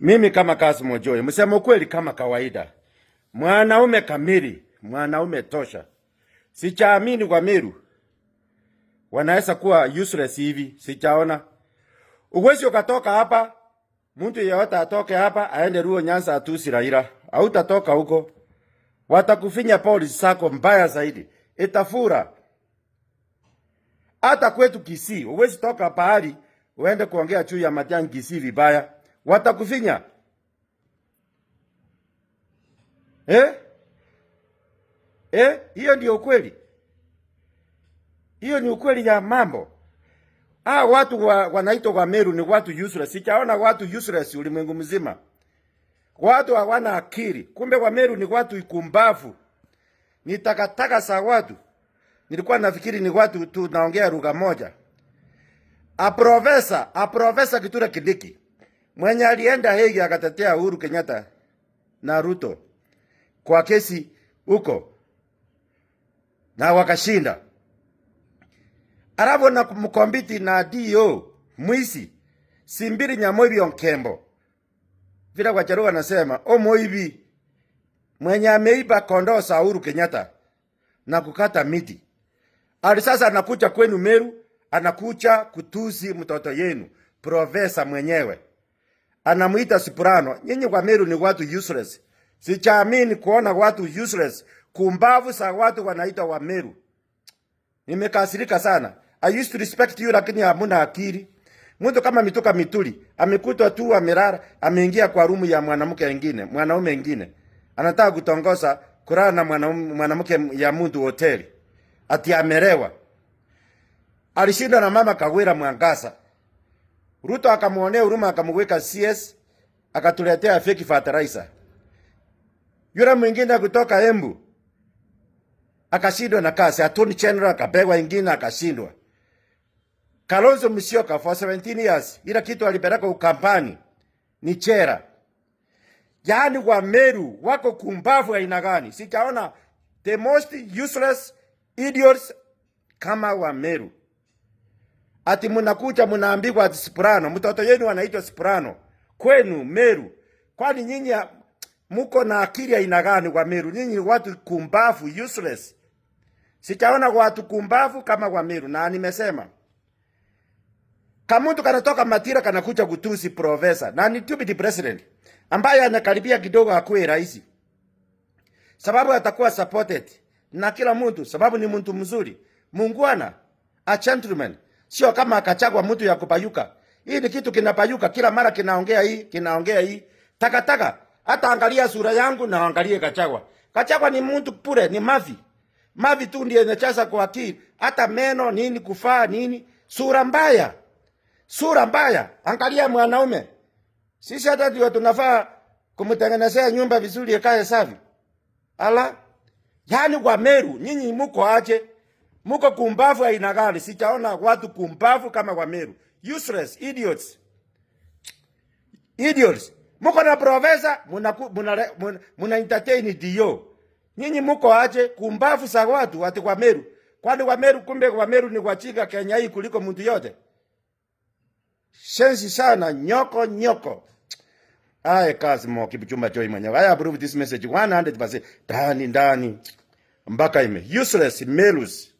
Mimi kama Kassim Ojoi, msema ukweli kama kawaida, mwanaume kamili, mwanaume tosha. Sichaamini kwa Meru wanaweza kuwa useless hivi, sichaona. Uwezi ukatoka hapa, mtu yeyote atoke hapa aende Luo Nyanza atusi Raila, hautatoka huko. Watakufinya polisi sako mbaya zaidi, itafura hata kwetu Kisii. Uwezi toka pahali uende kuongea juu ya Matiang'i Kisii vibaya watakufinya eh? Eh? Hiyo ndio ukweli, hiyo ni ukweli ya mambo. Ah, watu wa, wanaitwa Meru ni watu useless. Sichaona watu useless ulimwengu mzima, watu hawana akili. Kumbe Meru ni watu ikumbavu, ni takataka za watu. Nilikuwa nafikiri ni watu tunaongea lugha moja. A profesa, a profesa Kithure Kindiki mwenye alienda hegi akatetea Uhuru Kenyatta na Ruto kwa kesi huko na wakashinda. Aravo na mkombiti na DO mwisi simbiri nyamoibi onkembo vila nasema o omoibi mwenye ameiba kondoo sa Uhuru Kenyatta na kukata miti ali sasa anakuja kwenu Meru, anakuja kutusi mtoto yenu profesa mwenyewe anamwita Siprano. Nyinyi kwa Meru ni watu useless. Sichaamini kuona watu useless kumbavu sa watu wanaita wa Meru. Nimekasirika sana. I used to respect you lakini hamuna akili. Mtu kama mituka mituli amekutwa tu amelala ameingia kwa rumu ya mwanamke mwingine, mwanaume mwingine. Anataka kutongoza kulala na mwanamke ya mtu hoteli. Ati amerewa. Alishindwa na mama Kawira Mwangasa. Ruto akamwonea huruma akamweka CS akatuletea fake fertilizer. Yule mwingine kutoka Embu akashindwa na kazi, Attorney General akapegwa ingine akashindwa. Kalonzo Musyoka for 17 years ila kitu alipeleka ukampani ni chera. Yaani wa Meru wako kumbavu aina gani? Sijaona the most useless idiots kama wa Meru ati mnakuja mnaambikwa ati Soprano, mtoto yenu anaitwa Soprano kwenu Meru. Kwani nyinyi muko na akili aina gani kwa Meru? Nyinyi watu kumbafu, useless. Sichaona kwa watu kumbafu kama kwa Meru, na nimesema kamutu mtu kanatoka Matira kanakuja kutusi profesa na ni deputy president ambaye anakaribia kidogo akuwe rais, sababu atakuwa supported na kila mtu, sababu ni mtu mzuri, mungwana, a gentleman Sio kama akachagwa mtu ya kupayuka. Hii ni kitu kinapayuka kila mara, kinaongea hii, kinaongea hii. Takataka hata angalia sura yangu na angalie Kachagwa. Kachagwa ni mtu pure, ni mavi. Mavi tu ndiye inachasa kwa akili. Hata meno nini kufaa nini? Sura mbaya. Sura mbaya. Angalia mwanaume. Sisi hata ndio tunafaa kumtengenezea nyumba vizuri ikae safi. Ala. yani kwa Meru nyinyi mko aje? Muko kumbavu aina gani? Sijaona watu kumbavu kama Wameru. Useless idiots. Idiots. Muko na profesa muna, muna, muna, muna entertain dio. Nyinyi muko aje kumbavu sa watu wati Wameru. Kwani Wameru kumbe Wameru ni wachika Kenya hii kuliko mtu yote. Shensi sana nyoko nyoko. Aye kazi mo kibuchumba choi mwenyewe. I approve this message 100% ndani ndani. Mpaka ime useless melus